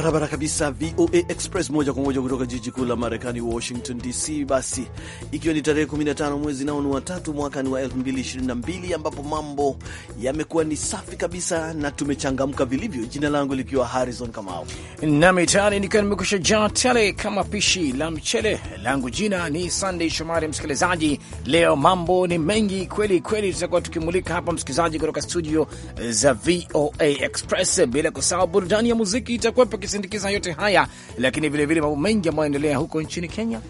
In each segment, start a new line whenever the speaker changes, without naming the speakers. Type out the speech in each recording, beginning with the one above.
barabara kabisa, VOA Express moja kwa moja kutoka jiji kuu la Marekani, Washington DC. Basi ikiwa ni tarehe 15 mwezi nao ni watatu mwaka ni wa 2022 ambapo mambo yamekuwa ni safi kabisa na tumechangamka vilivyo, jina langu likiwa Harrison Kamau nami tayari nikiwa nimekusha jaa tele kama pishi la mchele
langu. Jina ni Sunday Shomari. Msikilizaji, leo mambo ni mengi kweli kweli, tutakuwa tukimulika hapa msikilizaji, kutoka studio za VOA Express, bila kusahau burudani ya muziki itakuwepo ukisindikiza yote haya, lakini vilevile mambo mengi ambayo yanaendelea huko nchini Kenya.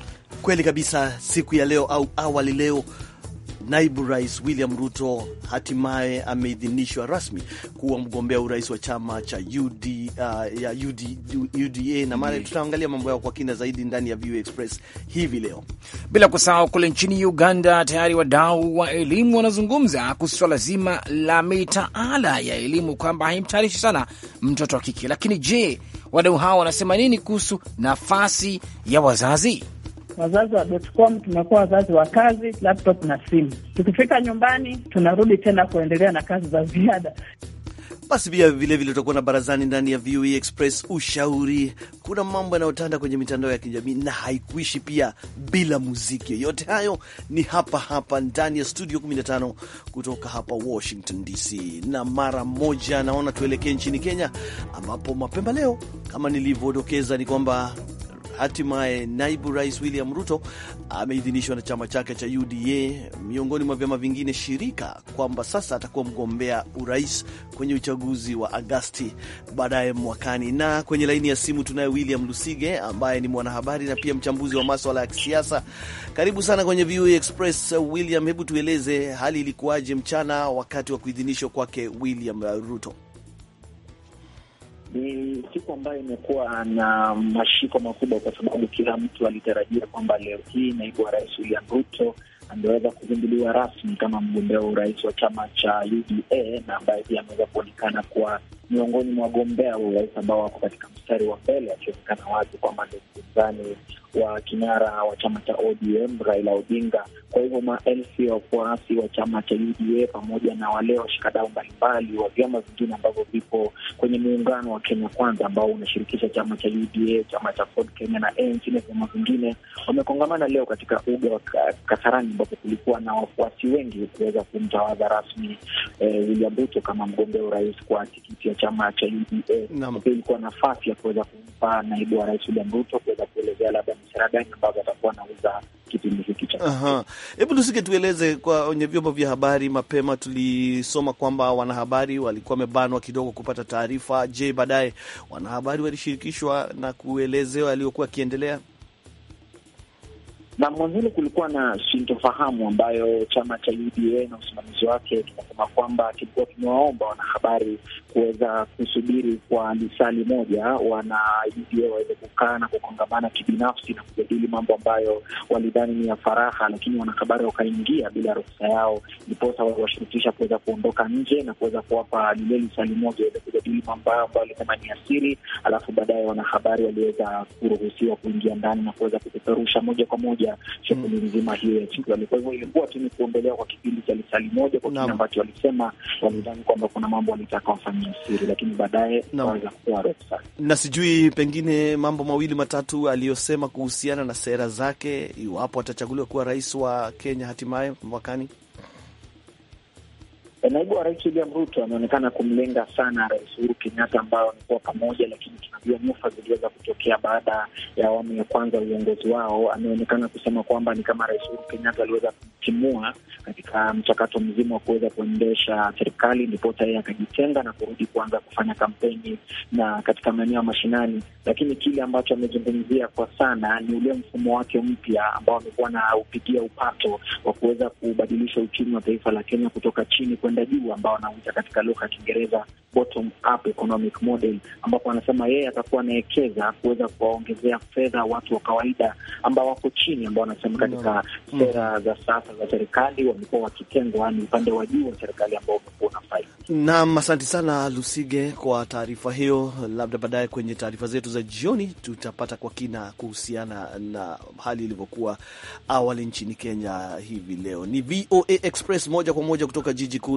Kweli kabisa, siku ya leo au awali leo Naibu Rais William Ruto hatimaye ameidhinishwa rasmi kuwa mgombea urais wa chama cha UD, uh, ya UD, UDA na mara mm. tutaangalia mambo yao kwa kina zaidi ndani ya VOA Express
hivi leo, bila kusahau kule nchini Uganda tayari wadau wa elimu wanazungumza kuhusu swala zima la mitaala ya elimu kwamba haimtayarishi sana mtoto wa kike. Lakini je, wadau hao wanasema nini kuhusu nafasi ya wazazi?
wazazi wa dotcom tumekuwa wazazi wa kazi, laptop na simu. Tukifika nyumbani, tunarudi tena kuendelea na kazi za ziada.
Basi pia vilevile utakuwa na barazani ndani ya VOA e Express ushauri. Kuna mambo yanayotanda kwenye mitandao ya kijamii na haikuishi pia bila muziki. Yote hayo ni hapa hapa ndani ya studio 15 kutoka hapa Washington DC, na mara moja naona tuelekee nchini Kenya, ambapo mapema leo kama nilivyodokeza ni kwamba Hatimaye naibu rais William Ruto ameidhinishwa na chama chake cha UDA miongoni mwa vyama vingine shirika kwamba sasa atakuwa mgombea urais kwenye uchaguzi wa Agasti baadaye mwakani. Na kwenye laini ya simu tunaye William Lusige ambaye ni mwanahabari na pia mchambuzi wa maswala ya kisiasa. Karibu sana kwenye VOA e Express. William, hebu tueleze hali ilikuwaje mchana wakati wa kuidhinishwa kwake William Ruto?
Ni siku ambayo imekuwa na mashiko makubwa, kwa sababu kila mtu alitarajia kwamba leo hii naibu wa rais William Ruto ameweza kuzinduliwa rasmi kama mgombea wa urais wa chama cha UDA na ambaye pia ameweza kuonekana kuwa miongoni mwa wagombea wa urais ambao wako katika mstari wa mbele, akionekana wazi kwamba ni mpinzani wa kinara wa chama cha ODM Raila Odinga. Kwa hivyo maelfu ya wafuasi wa chama cha UDA pamoja na wale washikadau mbalimbali wa vyama vingine ambavyo vipo kwenye muungano wa Kenya Kwanza ambao unashirikisha chama cha UDA, chama cha Ford Kenya na ANC na vyama vingine wamekongamana leo katika uga wa Kasarani ambapo kulikuwa na wafuasi wengi kuweza kumtawaza rasmi eh, William Ruto kama mgombea urais kwa tikiti ya chama cha UDA. Ilikuwa nafasi ya kuweza kumpa naibu wa rais William Ruto kuweza kuelezea labda biashara gani ambazo watakuwa wanauza
kipindi hiki cha. Hebu tusike, tueleze kwa wenye vyombo vya habari. Mapema tulisoma kwamba wanahabari walikuwa wamebanwa kidogo kupata taarifa. Je, baadaye wanahabari walishirikishwa na kuelezewa aliyokuwa akiendelea?
na mwanzoni kulikuwa na sintofahamu ambayo chama cha UDA na usimamizi wake tunasema kwamba kilikuwa kimewaomba wanahabari kuweza kusubiri kwa lisali moja, wana UDA waweze kukaa na kukongamana kibinafsi na kujadili mambo ambayo walidhani ni ya faraha, lakini wanahabari wakaingia bila ruhusa yao, ndiposa waliwashurutisha kuweza kuondoka nje na kuweza kuwapa lile lisali moja waweze kujadili mambo hayo ambayo walisema ni asiri, alafu baadaye wanahabari waliweza kuruhusiwa kuingia ndani na kuweza kupeperusha moja kwa moja moja shughuli mm. nzima hiyo ya Chingoni. Kwa hivyo ilikuwa tu ni kuondolewa kwa kipindi cha lisali moja kwa kile ambacho walisema, walidhani kwamba kuna mambo walitaka wafanyia siri, lakini baadaye waweza kutoa ruhusa.
Na sijui pengine mambo mawili matatu aliyosema kuhusiana na sera zake, iwapo atachaguliwa kuwa rais wa Kenya hatimaye mwakani.
Eh, naibu wa Rais William Ruto ameonekana kumlenga sana Rais Uhuru Kenyatta, ambayo amekuwa pamoja, lakini tunajua nyufa ziliweza kutokea baada ya awamu ya kwanza uongozi wao. Ameonekana kusema kwamba ni kama Rais Uhuru Kenyatta aliweza kumtimua katika mchakato mzima wa kuweza kuendesha serikali, ndipota yeye akajitenga na kurudi kuanza kufanya kampeni na katika maeneo ya mashinani. Lakini kile ambacho amezungumzia kwa sana ni ule mfumo wake mpya ambao amekuwa na upigia upato wa kuweza kubadilisha uchumi wa taifa la Kenya kutoka chini kwenda juu, ambao anauita katika lugha ya Kiingereza bottom up economic model, ambapo anasema yeye atakuwa anawekeza kuweza kuwaongezea fedha watu wa kawaida ambao wako chini, ambao wanasema mm. katika mm. sera mm. za sasa za serikali wamekuwa wakitengwa, ni upande wa juu wa serikali ambao umekuwa
unafaidi. Naam, asante sana Lusige kwa taarifa hiyo. Labda baadaye kwenye taarifa zetu za jioni tutapata kwa kina kuhusiana na hali ilivyokuwa awali nchini Kenya hivi leo. Ni VOA Express moja kwa moja kutoka jiji kuu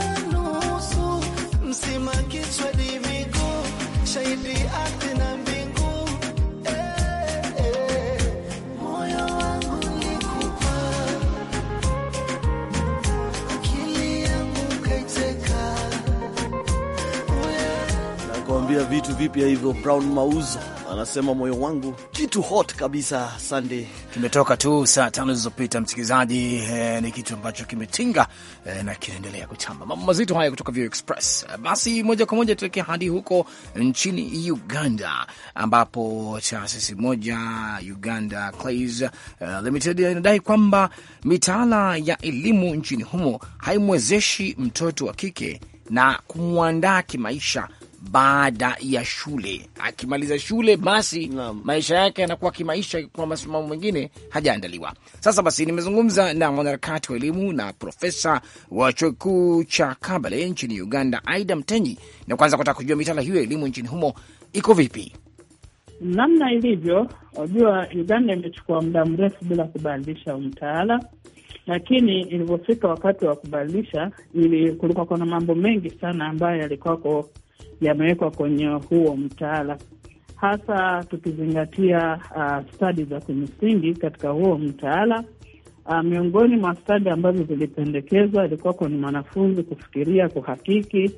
anakuambia vitu vipya hivyo. Brown Mauzo anasema moyo wangu kitu hot kabisa. Sande kimetoka tu saa tano zilizopita, msikilizaji
eh, ni kitu ambacho kimetinga eh, na kinaendelea kutamba. Mambo mazito haya kutoka Vio Express. Basi moja kwa moja tuelekea hadi huko nchini Uganda, ambapo taasisi moja Uganda Clays, uh, eh, Limited inadai kwamba mitaala ya elimu nchini humo haimwezeshi mtoto wa kike na kumwandaa kimaisha baada ya shule. Akimaliza shule, basi maisha yake yanakuwa kimaisha, kwa masomo mengine hajaandaliwa. Sasa basi, nimezungumza na mwanaharakati wa elimu na profesa wa chuo kikuu cha Kabale nchini Uganda, Aida Mtenyi, na kwanza kutaka kujua mitaala hiyo ya elimu nchini humo iko vipi,
namna ilivyo. Wajua, Uganda imechukua muda mrefu bila kubadilisha mtaala lakini ilivyofika wakati wa kubadilisha, ili kulikuwa kuna mambo mengi sana ambayo yalikuwako yamewekwa kwenye huo mtaala, hasa tukizingatia uh, stadi za kimsingi katika huo mtaala. Uh, miongoni mwa stadi ambazo zilipendekezwa ilikuwa kwa mwanafunzi kufikiria, kuhakiki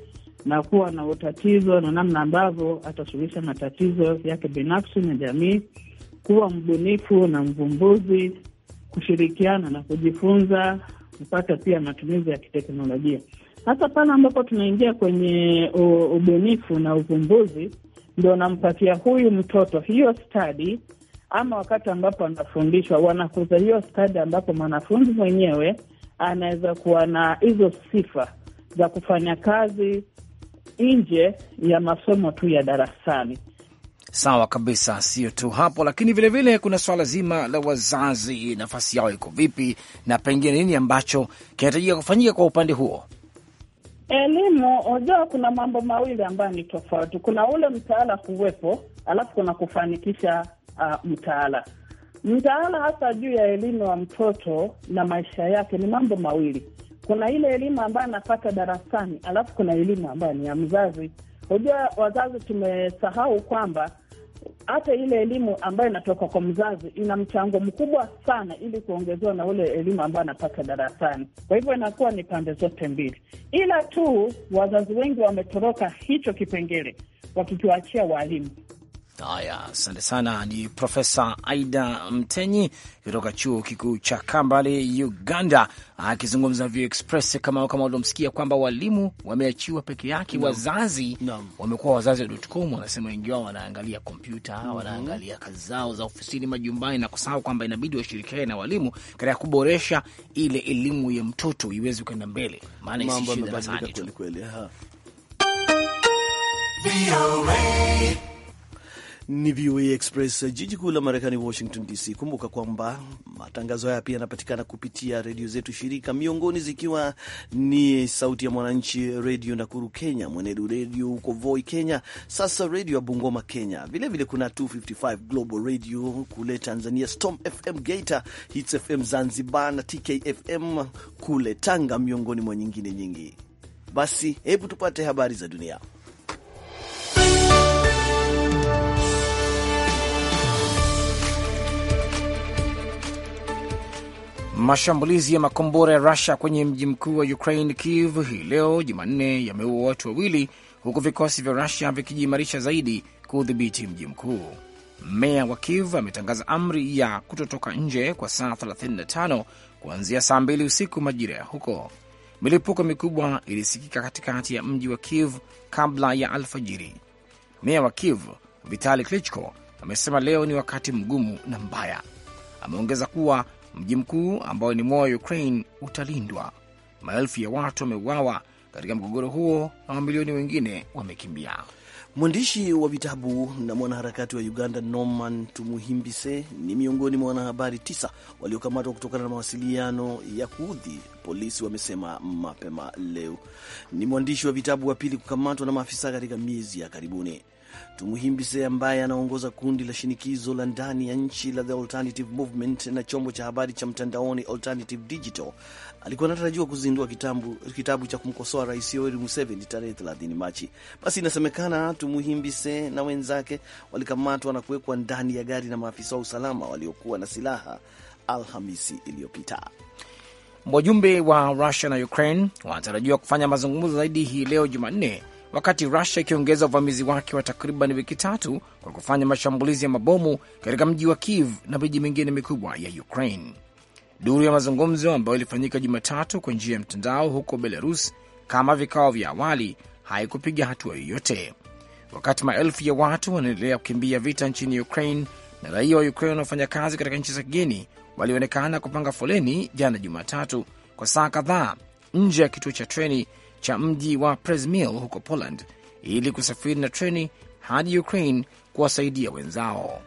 na kuwa na utatizo na namna ambavyo atasuluhisha matatizo yake binafsi na jamii, kuwa mbunifu na mvumbuzi, kushirikiana na kujifunza, kupata pia matumizi ya kiteknolojia. Hasa pale ambapo tunaingia kwenye ubunifu na uvumbuzi, ndo nampatia huyu mtoto hiyo stadi, ama wakati ambapo anafundishwa wanakuza hiyo stadi, ambapo mwanafunzi mwenyewe anaweza kuwa na hizo sifa za kufanya kazi nje ya masomo tu ya darasani.
Sawa kabisa, sio tu hapo, lakini vilevile vile kuna swala zima la wazazi, nafasi yao iko vipi, na pengine nini ambacho kinahitajika kufanyika kwa upande huo?
Elimu, unajua kuna mambo mawili ambayo ni tofauti. Kuna ule mtaala kuwepo, alafu kuna kufanikisha uh, mtaala. Mtaala hasa juu ya elimu wa mtoto na maisha yake ni mambo mawili. Kuna ile elimu ambayo anapata darasani, alafu kuna elimu ambayo ni ya mzazi. hujua wazazi tumesahau kwamba hata ile elimu ambayo inatoka kwa mzazi ina mchango mkubwa sana, ili kuongezewa na ule elimu ambayo anapata darasani. Kwa hivyo inakuwa ni pande zote mbili, ila tu wazazi wengi wametoroka hicho kipengele, wakikiwachia waalimu.
Haya, asante sana. Ni Profesa Aida Mtenyi kutoka chuo kikuu cha Kambale, Uganda, akizungumza VOA Express. Kama kama uliomsikia kwamba walimu wameachiwa peke yake, no. Wazazi no. wamekuwa wazazi wa dotcom wanasema wengi wao wanaangalia kompyuta mm -hmm. wanaangalia kazi zao za ofisini, majumbani na kusahau kwamba inabidi washirikiane na walimu katika kuboresha ile elimu ya mtoto iweze kwenda mbele, maana isishi darasani tu.
Ni VOA Express, jiji kuu la Marekani, Washington DC. Kumbuka kwamba matangazo haya pia yanapatikana kupitia redio zetu shirika, miongoni zikiwa ni Sauti ya Mwananchi redio Nakuru Kenya, Mwenedu redio huko Voi Kenya, Sasa redio ya Bungoma Kenya, vilevile vile kuna 255 Global radio kule Tanzania, Storm FM Geita, Hits FM Zanzibar na TKFM kule Tanga, miongoni mwa nyingine nyingi. Basi hebu tupate habari za dunia.
Mashambulizi ya makombora ya Rusia kwenye mji mkuu wa Ukraine, Kiev, hii leo Jumanne yameua watu wawili, huku vikosi vya Rusia vikijiimarisha zaidi kuudhibiti mji mkuu. Meya wa Kiev ametangaza amri ya kutotoka nje kwa saa 35 kuanzia saa mbili usiku majira ya huko. Milipuko mikubwa ilisikika katikati ya mji wa Kiev kabla ya alfajiri. Meya wa Kiev Vitali Klitschko amesema leo ni wakati mgumu na mbaya. Ameongeza kuwa Mji mkuu ambao ni moyo wa Ukraine utalindwa. Maelfu ya watu wameuawa katika mgogoro huo na mamilioni
wengine wamekimbia. Mwandishi wa vitabu na mwanaharakati wa Uganda Norman Tumuhimbise ni miongoni mwa wanahabari tisa waliokamatwa kutokana na mawasiliano ya kuudhi, polisi wamesema mapema leo. Ni mwandishi wa vitabu wa pili kukamatwa na maafisa katika miezi ya karibuni. Tumuhimbise ambaye anaongoza kundi la shinikizo la ndani ya nchi la The Alternative Movement na chombo cha habari cha mtandaoni Alternative Digital alikuwa anatarajiwa kuzindua kitabu, kitabu cha kumkosoa Rais Yoweri Museveni tarehe 30 Machi. Basi inasemekana Tumuhimbise na wenzake walikamatwa na kuwekwa ndani ya gari na maafisa wa usalama waliokuwa na silaha Alhamisi iliyopita.
Wajumbe wa Rusia na Ukraine wanatarajiwa kufanya mazungumzo zaidi hii leo Jumanne wakati Rusia ikiongeza uvamizi wake wa takriban wiki tatu kwa kufanya mashambulizi ya mabomu katika mji wa Kiev na miji mingine mikubwa ya Ukraine. Duru ya mazungumzo ambayo ilifanyika Jumatatu kwa njia ya mtandao huko Belarus kama vikao vya awali haikupiga hatua yoyote, wakati maelfu ya watu wanaendelea kukimbia vita nchini Ukraine na raia wa Ukraine wanaofanya kazi katika nchi za kigeni walionekana kupanga foleni jana Jumatatu kwa saa kadhaa nje ya kituo cha treni cha mji wa presmil huko Poland ili kusafiri na treni hadi Ukraine kuwasaidia wenzao.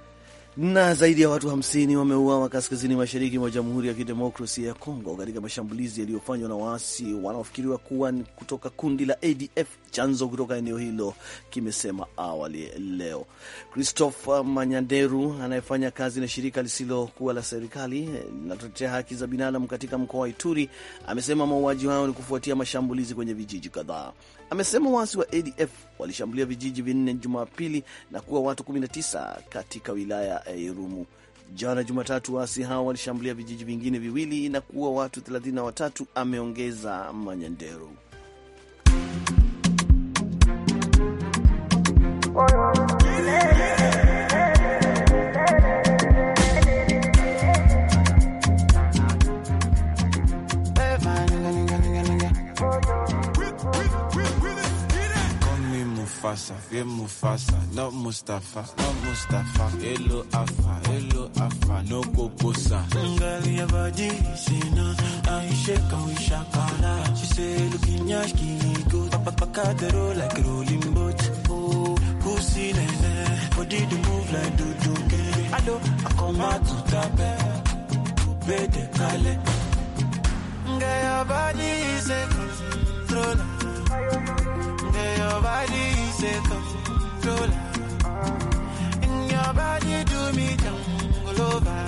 Na zaidi ya watu 50 wameuawa kaskazini mashariki mwa Jamhuri ya Kidemokrasia ya Kongo katika mashambulizi yaliyofanywa na waasi wanaofikiriwa kuwa kutoka kundi la ADF Chanzo kutoka eneo hilo kimesema awali leo. Christopher Manyanderu anayefanya kazi na shirika lisilokuwa la serikali linatetea haki za binadamu katika mkoa wa Ituri amesema mauaji hayo ni kufuatia mashambulizi kwenye vijiji kadhaa. Amesema waasi wa ADF walishambulia vijiji vinne Jumapili na kuwa watu 19 katika wilaya ya Irumu. Jana Jumatatu, waasi hao walishambulia vijiji vingine viwili na kuwa watu 33, ameongeza Manyanderu.
Mufasa, fear Mufasa, not Mustafa, not Mustafa. Hello
Afa, hello Afa, no Koposa. Ngali ya baji, sina, aishe kawisha kala. She say, looking yash, kini good, pakadero like rolling boat. Oh, pussy nene, body to move like do do ke. Alo, akoma tutape, bede kale.
Ngali ya baji, sina, controller. Ngali say come your body do me down over.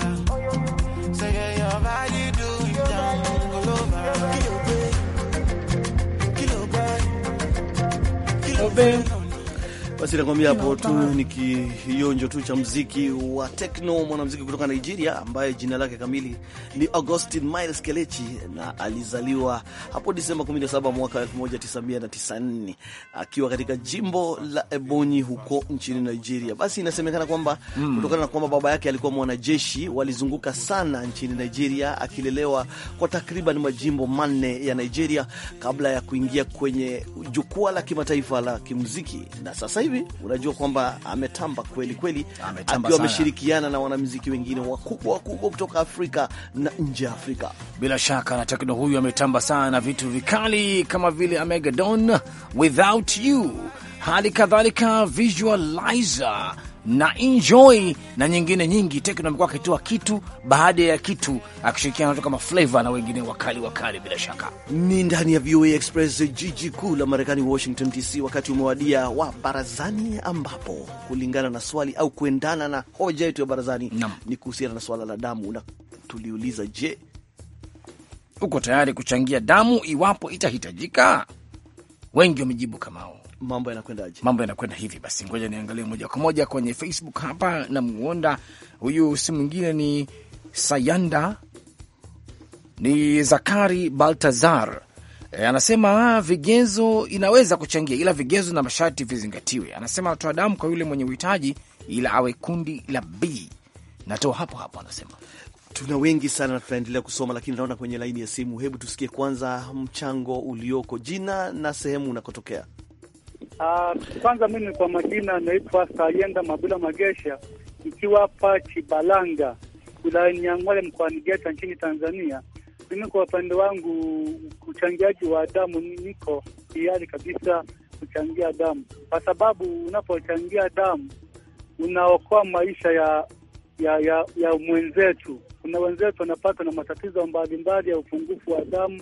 Say your body do me down over. Kilo,
babe. Kilo, Basi nakwambia hapo tu ni kionjo tu cha mziki wa tekno, mwanamziki kutoka Nigeria ambaye jina lake kamili ni Augustin Miles Kelechi na alizaliwa hapo Disemba 17 mwaka 1994 akiwa katika jimbo la Ebonyi huko nchini Nigeria. Basi inasemekana kwamba mm, kutokana na kwamba baba yake alikuwa mwanajeshi, walizunguka sana nchini Nigeria, akilelewa kwa takriban majimbo manne ya Nigeria kabla ya kuingia kwenye jukwaa la kimataifa la kimuziki na sasa hivi, unajua kwamba ametamba kweli kweli, akiwa ameshirikiana na wanamuziki wengine wakubwa wakubwa kutoka Afrika na nje ya Afrika.
Bila shaka na tekno huyu ametamba sana na vitu vikali kama vile Amegadon, Without You, hali kadhalika Visualizer na enjoy na nyingine nyingi. Tekno amekuwa akitoa kitu baada ya kitu akishirikiana watu kama Flavor na wengine wakali wakali. Bila shaka
ni ndani ya VOA Express, jiji kuu la Marekani, Washington DC. Wakati umewadia wa barazani, ambapo kulingana na swali au kuendana na hoja yetu ya barazani Nam. ni kuhusiana na swala la damu, na tuliuliza, je,
uko tayari kuchangia damu iwapo itahitajika? Wengi wamejibu kamao mambo yanakwendaje? Mambo yanakwenda hivi basi, ngoja niangalie moja kwa moja kwenye Facebook hapa na muonda huyu, si mwingine ni Sayanda ni Zakari Baltazar. E, anasema ah, vigezo inaweza kuchangia, ila vigezo na masharti vizingatiwe. Anasema anatoa damu kwa yule mwenye uhitaji, ila awe kundi la B.
Natoa hapo hapo, anasema tuna wengi sana na tutaendelea kusoma, lakini naona kwenye laini ya simu. Hebu tusikie kwanza mchango ulioko, jina na sehemu unakotokea.
Ah, kwanza uh, mimi kwa majina naitwa Sayenda Mabula Magesha, ikiwa hapa Chibalanga wilayani Nyang'hwale mkoani Geita nchini Tanzania. Mimi kwa upande wangu uchangiaji wa damu, niko tayari kabisa kuchangia damu, kwa sababu unapochangia damu unaokoa maisha ya ya ya, ya mwenzetu. Kuna wenzetu wanapatwa na matatizo mbalimbali ya upungufu wa damu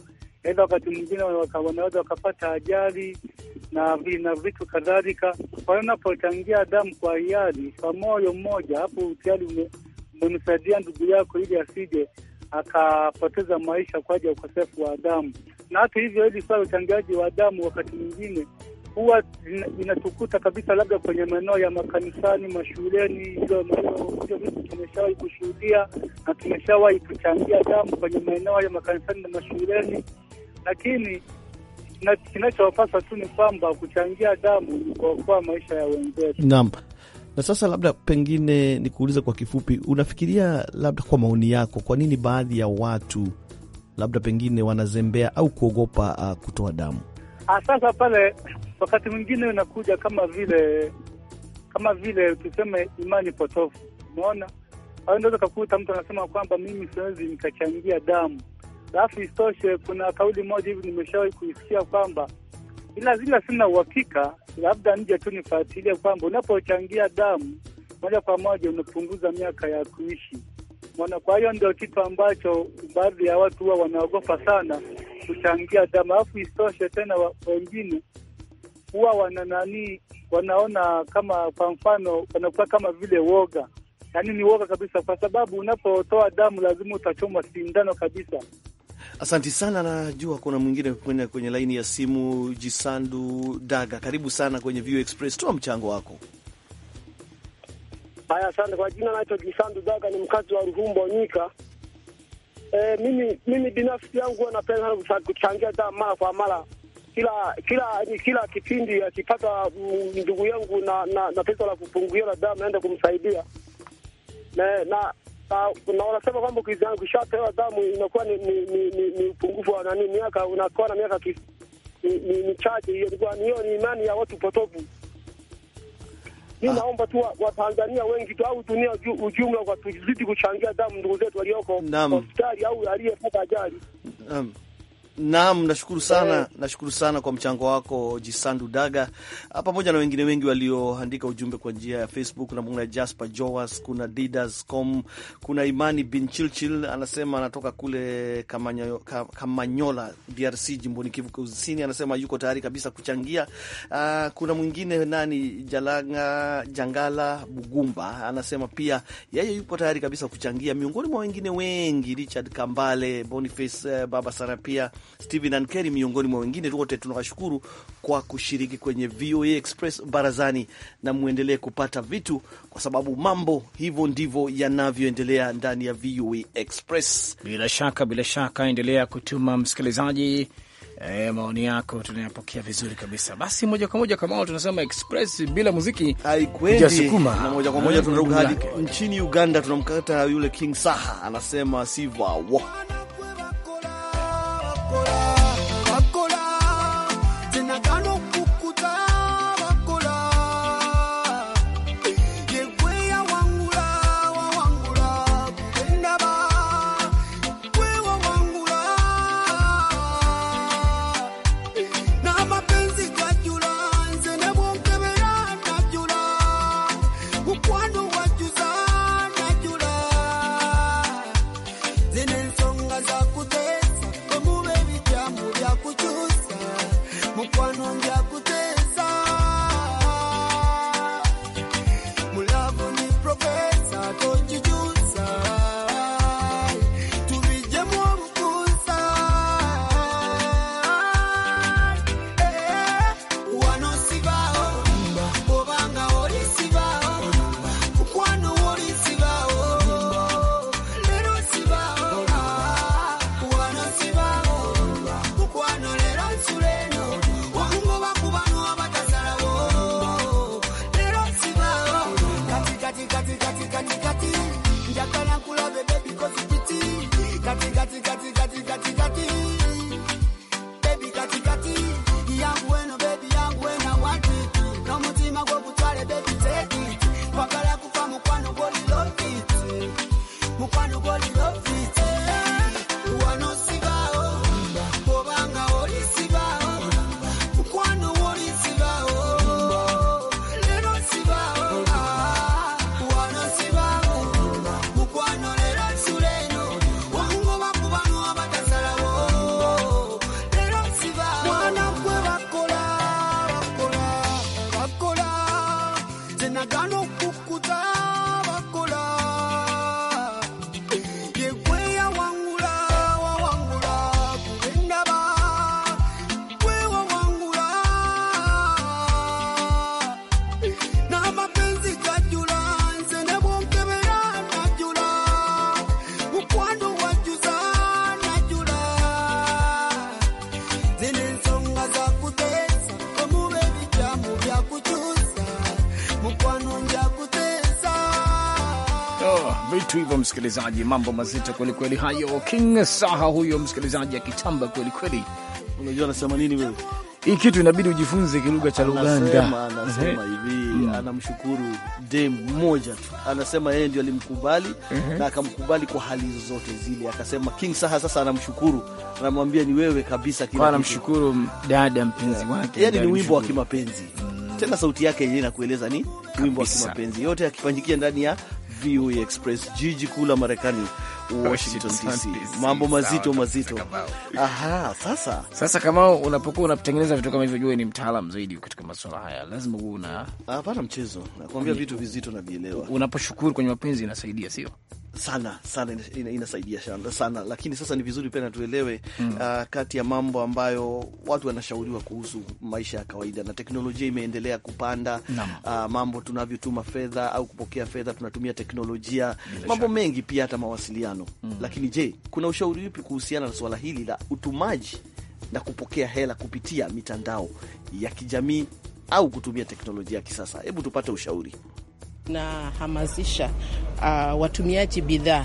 aidha wakati mwingine wanaweza wakapata ajali na na vitu kadhalika. Kwa hiyo unapochangia damu kwa hiari, kwa moyo mmoja, hapo tayari umemsaidia ndugu yako ili asije akapoteza maisha kwa ajili ya ukosefu wa damu. Na hata hivyo, hili swala uchangiaji wa damu wakati mwingine huwa inatukuta kabisa, labda kwenye maeneo ya makanisani, mashuleni, hilo vitu tumeshawahi kushuhudia na tumeshawahi kuchangia damu kwenye maeneo ya makanisani na mashuleni lakini kinachowapasa tu ni kwamba kuchangia damu ni kuokoa maisha ya wenzetu.
Naam. Na sasa labda pengine nikuuliza kwa kifupi, unafikiria labda kwa maoni yako, kwa nini baadhi ya watu labda pengine wanazembea au kuogopa uh, kutoa damu?
Ah, sasa pale wakati mwingine unakuja kama vile kama vile tuseme imani potofu, umeona, Aunaweza kakuta mtu anasema kwamba mimi siwezi nikachangia damu Alafu isitoshe, kuna kauli moja hivi nimeshawahi kuisikia kwamba ila zila sina uhakika, labda nje tu nifuatilie kwamba unapochangia damu moja kwa moja unapunguza miaka ya kuishi mwana. Kwa hiyo ndio kitu ambacho baadhi ya watu huwa wanaogopa sana kuchangia damu. Alafu isitoshe tena, wengine huwa wana nani, wanaona kama kwa mfano, wanakuwa kama vile woga, yaani ni woga kabisa, kwa sababu unapotoa damu lazima utachomwa sindano kabisa.
Asanti sana, najua kuna mwingine kwenye, kwenye laini ya simu. Jisandu Daga, karibu sana kwenye View Express, toa mchango wako.
Haya, asante kwa jina, naitwa
Jisandu Daga, ni mkazi wa Ruhumbo nyika E, mimi mimi binafsi yangu napenda kuchangia da mara kwa mara, kila kila kila kipindi akipata mm, ndugu yangu na na, na pesa la kupunguia la damu naenda kumsaidia na, na na wanasema kwamba ukishapewa damu inakuwa ni ni upungufu wa nani miaka, unakuwa na miaka michache. Hiyo ni imani ya watu potofu. Mi ah. naomba tu Watanzania wengi tu au dunia ujumla watuzidi kuchangia damu ndugu zetu walioko hospitali au aliyepata ajali.
Naam, nashukuru sana, eh. nashukuru sana kwa mchango wako Jisandu Daga, ah, pamoja na wengine wengi walioandika ujumbe kwa njia ya Facebook. Namwona Jasper Joas, kuna Com, kuna Imani bin Chilchil anasema anatoka kule Kamanyo, Kamanyola, DRC, jimboni Kivu Kusini, anasema yuko tayari kabisa kuchangia. Uh, kuna mwingine nani, Jalanga Jangala Bugumba anasema pia yeye yupo tayari kabisa kuchangia, miongoni mwa wengine wengi, Richard Kambale, Boniface, uh, Baba Sarapia Stephen Ankeri miongoni mwa wengine. Wote tunawashukuru kwa kushiriki kwenye VOA Express barazani, na mwendelee kupata vitu, kwa sababu mambo hivyo ndivyo yanavyoendelea ndani ya VOA
Express. Bila shaka, bila shaka, endelea kutuma msikilizaji E, maoni yako tunayapokea vizuri kabisa. Basi moja kwa moja kama
tunasema express bila muziki haikwendi, na moja kwa moja tunaruka hadi nchini Uganda, tunamkata yule King Saha anasema sivawo corazón.
msikilizaji, mambo mazito kweli hayo. King Saha huyo msikilizaji
akitamba kweli. Unajua anasema nini wewe?
Hii kitu inabidi ujifunze kilugha
cha Luganda. Anasema hivi, mm. anamshukuru dem mmoja tu, anasema yeye ndio alimkubali na akamkubali kwa hali zote zile. Akasema King Saha sasa anamshukuru, anamwambia ni wewe kabisa kila kitu. Anamshukuru dada mpenzi eh, wake, yani ni wimbo wa kimapenzi mm. tena sauti yake yenyewe inakueleza ni wimbo wa kimapenzi, yote akifanyikia ndani ya VOA e Express, jiji kuu la Marekani, Washington DC. Mambo mazito mazito. Aha, sasa sasa,
kama unapokuwa unatengeneza vitu kama hivyo, jue ni mtaalam zaidi katika masuala haya,
lazima uwe una hapana mchezo, nakuambia vitu vizito na vielewa. Unaposhukuru kwenye mapenzi inasaidia, sio sana sana inasaidia ina sana, lakini sasa ni vizuri pia natuelewe mm. Uh, kati ya mambo ambayo watu wanashauriwa kuhusu maisha ya kawaida na teknolojia imeendelea kupanda uh, mambo tunavyotuma fedha au kupokea fedha tunatumia teknolojia Bila mambo mengi pia hata mawasiliano mm. Lakini je, kuna ushauri upi kuhusiana na suala hili la utumaji na kupokea hela kupitia mitandao ya kijamii au kutumia teknolojia ya kisasa? Hebu tupate ushauri
tunahamasisha uh, watumiaji bidhaa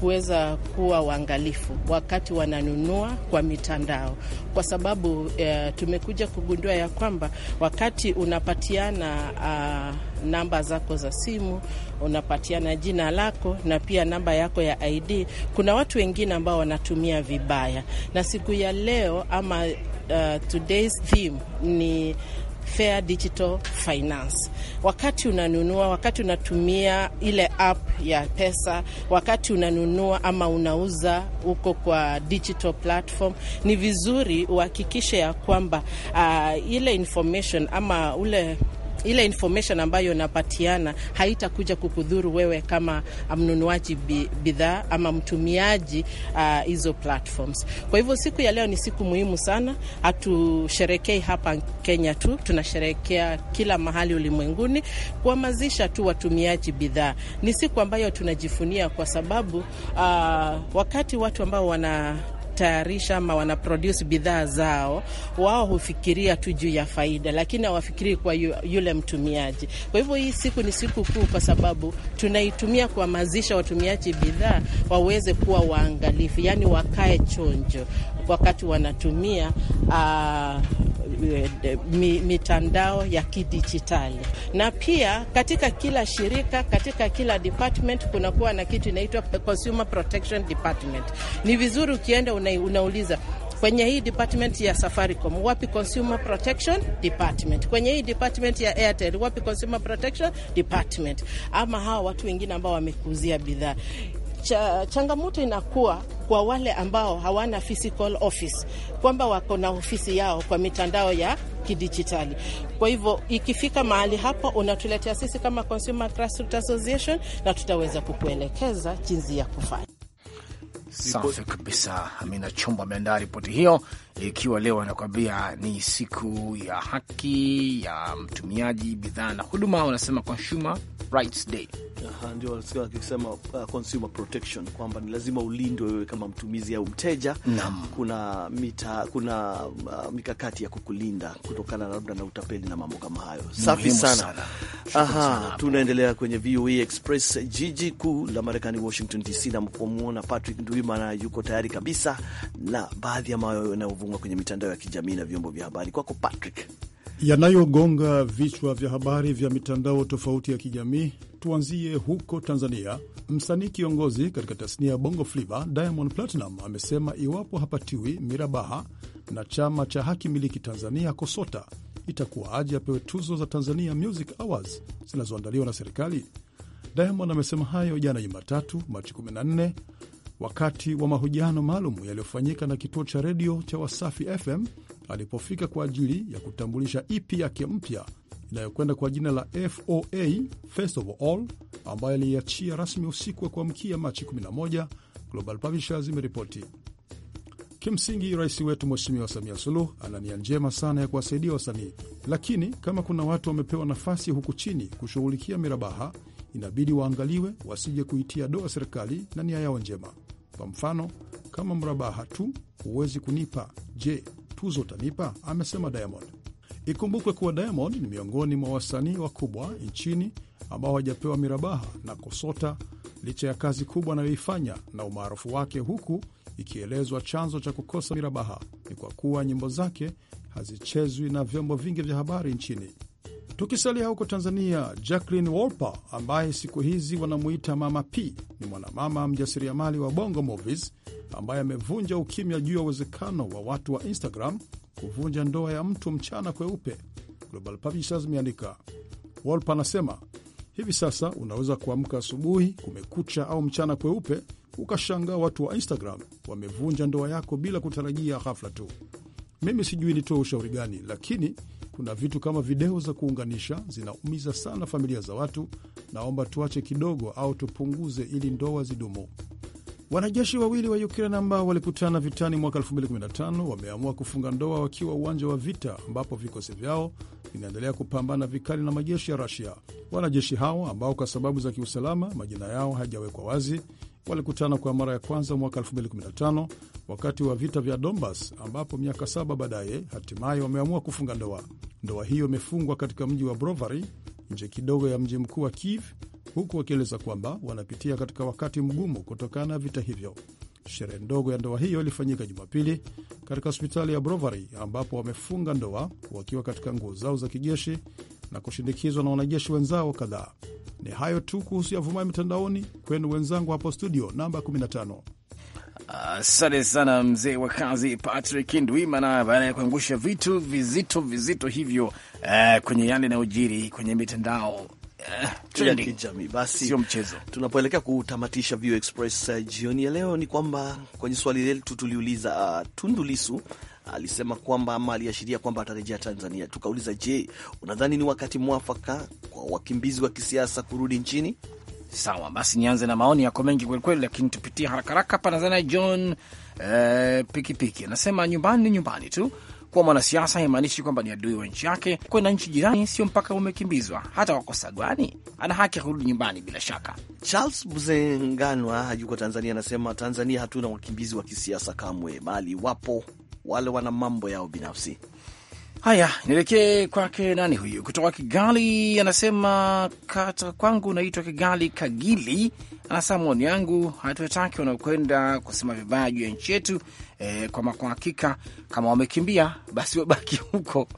kuweza kuwa waangalifu wakati wananunua kwa mitandao, kwa sababu uh, tumekuja kugundua ya kwamba wakati unapatiana uh, namba zako za simu, unapatiana jina lako na pia namba yako ya ID, kuna watu wengine ambao wanatumia vibaya, na siku ya leo ama Uh, today's theme ni Fair Digital Finance. Wakati unanunua, wakati unatumia ile app ya pesa, wakati unanunua ama unauza huko kwa digital platform, ni vizuri uhakikishe ya kwamba uh, ile information ama ule ile information ambayo unapatiana haitakuja kukudhuru wewe kama mnunuaji bidhaa ama mtumiaji uh, hizo uh, platforms. Kwa hivyo siku ya leo ni siku muhimu sana, hatusherekei hapa Kenya tu, tunasherekea kila mahali ulimwenguni kuhamazisha tu watumiaji bidhaa. Ni siku ambayo tunajifunia kwa sababu uh, wakati watu ambao wana wanatayarisha ama wanaproduce bidhaa zao, wao hufikiria tu juu ya faida, lakini hawafikirii kwa yule mtumiaji. Kwa hivyo hii siku ni siku kuu, kwa sababu tunaitumia kuhamasisha watumiaji bidhaa waweze kuwa waangalifu, yaani wakae chonjo wakati wanatumia uh, Eh, mitandao ya kidijitali, na pia katika kila shirika, katika kila department kunakuwa na kitu inaitwa Consumer Protection Department. Ni vizuri ukienda una, unauliza kwenye hii department ya Safaricom wapi Consumer Protection Department? Kwenye hii department ya Airtel wapi Consumer Protection Department? Ama hawa watu wengine ambao wamekuuzia bidhaa cha, changamoto inakuwa kwa wale ambao hawana physical office kwamba wako na ofisi yao kwa mitandao ya kidijitali. Kwa hivyo ikifika mahali hapo unatuletea sisi kama Consumer Grassroots Association na tutaweza kukuelekeza jinsi ya kufanya.
Safi kabisa. Amina Chumba ameandaa ripoti hiyo, ikiwa leo anakuambia ni siku ya haki ya mtumiaji bidhaa na huduma, wanasema Consumer Rights Day
ndio wanasikia akisema uh, consumer protection kwamba ni lazima ulindwe wewe kama mtumizi au mteja. Naam. Kuna mita, kuna uh, mikakati ya kukulinda kutokana labda na utapeli na mambo kama hayo. Safi sana, sana. Aha, tunaendelea kwenye VOA e Express, jiji kuu la Marekani, Washington DC, na mkumwona Patrick Ndwimana yuko tayari kabisa na baadhi ya mayo yanayovunga kwenye mitandao ya kijamii na vyombo vya habari. Kwako Patrick
yanayogonga vichwa vya habari vya mitandao tofauti ya kijamii. Tuanzie huko Tanzania. Msanii kiongozi katika tasnia ya bongo fliva Diamond Platinum amesema iwapo hapatiwi mirabaha na chama cha haki miliki Tanzania KOSOTA, itakuwa itakuwaaje apewe tuzo za Tanzania Music Awards zinazoandaliwa na serikali? Diamond amesema hayo jana Jumatatu, Machi 14 wakati wa mahojiano maalum yaliyofanyika na kituo cha redio cha Wasafi FM alipofika kwa ajili ya kutambulisha EP yake mpya inayokwenda kwa jina la FOA First of All, ambayo aliiachia rasmi usiku wa kuamkia Machi 11, Global Publishers imeripoti. Kimsingi, rais wetu Mheshimiwa Samia Suluhu ana nia njema sana ya kuwasaidia wasanii, lakini kama kuna watu wamepewa nafasi huku chini kushughulikia mirabaha, inabidi waangaliwe wasije kuitia doa serikali na nia yao njema. Kwa mfano, kama mrabaha tu huwezi kunipa, je, tuzo utanipa, amesema Diamond. Ikumbukwe kuwa Diamond ni miongoni mwa wasanii wakubwa nchini ambao hawajapewa mirabaha na KOSOTA licha ya kazi kubwa anayoifanya na umaarufu wake, huku ikielezwa chanzo cha kukosa mirabaha ni kwa kuwa nyimbo zake hazichezwi na vyombo vingi vya habari nchini. Tukisalia huko Tanzania, Jacqueline Wolper ambaye siku hizi wanamuita Mama P ni mwanamama mjasiriamali wa Bongo Movies ambaye amevunja ukimya juu ya uwezekano wa watu wa Instagram kuvunja ndoa ya mtu mchana kweupe. Global Publishers imeandika. Wolper anasema hivi sasa unaweza kuamka asubuhi, kumekucha au mchana kweupe, ukashangaa watu wa Instagram wamevunja ndoa yako bila kutarajia ghafla tu. Mimi sijui nitoe ushauri gani, lakini kuna vitu kama video za kuunganisha zinaumiza sana familia za watu. Naomba tuache kidogo au tupunguze ili ndoa zidumu. Wanajeshi wawili wa Ukraine ambao walikutana vitani mwaka 2015 wameamua kufunga ndoa wakiwa uwanja wa vita, ambapo vikosi vyao vinaendelea kupambana vikali na majeshi ya Rusia. Wanajeshi hao ambao kwa sababu za kiusalama majina yao hajawekwa wazi, walikutana kwa mara ya kwanza mwaka 2015 wakati wa vita vya Donbas, ambapo miaka saba baadaye hatimaye wameamua kufunga ndoa. Ndoa hiyo imefungwa katika mji wa Brovary nje kidogo ya mji mkuu wa Kiev, huku wakieleza kwamba wanapitia katika wakati mgumu kutokana na vita hivyo. Sherehe ndogo ya ndoa hiyo ilifanyika Jumapili katika hospitali ya Brovary ambapo wamefunga ndoa wakiwa katika nguo zao za kijeshi na kushindikizwa na wanajeshi wenzao kadhaa. Ni hayo tu kuhusu yavumayo mitandaoni. Kwenu wenzangu hapo studio namba 15.
Asante uh, sana mzee wa kazi Patrick Ndwimana, baada ya kuangusha vitu vizito vizito hivyo uh, kwenye yale
yanayojiri kwenye mitandao
eh, kijamii basi, sio mchezo.
Tunapoelekea kutamatisha View Express uh, jioni ya leo, ni kwamba kwenye swali letu tuliuliza uh, Tundu Lisu alisema kwamba ama aliashiria kwamba atarejea Tanzania. Tukauliza, je, unadhani ni wakati mwafaka kwa wakimbizi wa kisiasa kurudi nchini? Sawa, basi nianze na maoni
yako mengi kwelikweli, lakini tupitie haraka haraka hapa. Nadhani John eh, pikipiki anasema piki, nyumbani ni nyumbani tu kuwa mwanasiasa haimaanishi kwamba ni adui wa nchi yake. Kwenda nchi jirani sio mpaka
umekimbizwa. Hata wakosa gwani ana haki ya kurudi nyumbani bila shaka. Charles Buzenganwa yuko Tanzania, anasema Tanzania hatuna wakimbizi wa kisiasa kamwe, bali wapo wale wana mambo yao binafsi.
Haya, nielekee kwake nani huyu kutoka Kigali, anasema kata kwangu naitwa Kigali Kagili. Anasema maoni yangu, hatuwataki wanaokwenda kusema vibaya juu ya nchi yetu e, kwa hakika
kama wamekimbia
basi wabaki huko.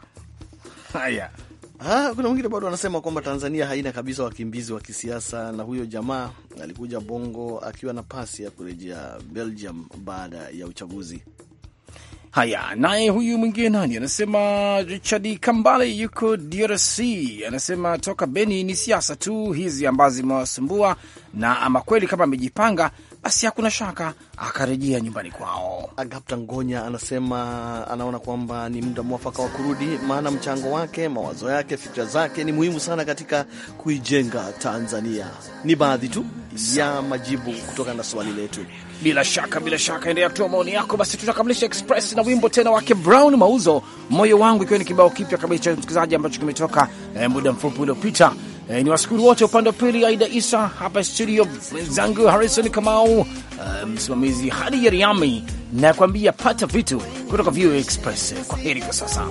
Haya.
Ha, kuna mwingine bado anasema kwamba Tanzania haina kabisa wakimbizi wa kisiasa, na huyo jamaa alikuja Bongo akiwa na pasi ya kurejea Belgium baada ya uchaguzi.
Haya, naye huyu mwingine nani anasema, Richard Kambale yuko DRC, anasema toka Beni ni siasa tu hizi ambazo zimewasumbua, na ama kweli kama
amejipanga basi hakuna shaka akarejea nyumbani kwao. Agapta Ngonya anasema anaona kwamba ni muda mwafaka wa kurudi, maana mchango wake, mawazo yake, fikra zake ni muhimu sana katika kuijenga Tanzania. Ni baadhi tu ya majibu kutokana na swali letu. Bila shaka, bila shaka, endelea kutoa maoni yako. Basi tunakamilisha Express na
wimbo tena wake Brown Mauzo, moyo wangu, ikiwa ni kibao kipya kabisa cha msikilizaji ambacho kimetoka eh, muda mfupi uliopita. Eh, ni washukuru wote upande wa pili, Aida Isa hapa studio, mwenzangu Harrison Kamau, eh, msimamizi um, hadi Yeriami nakuambia pata vitu kutoka VOA Express. Kwa heri kwa sasa.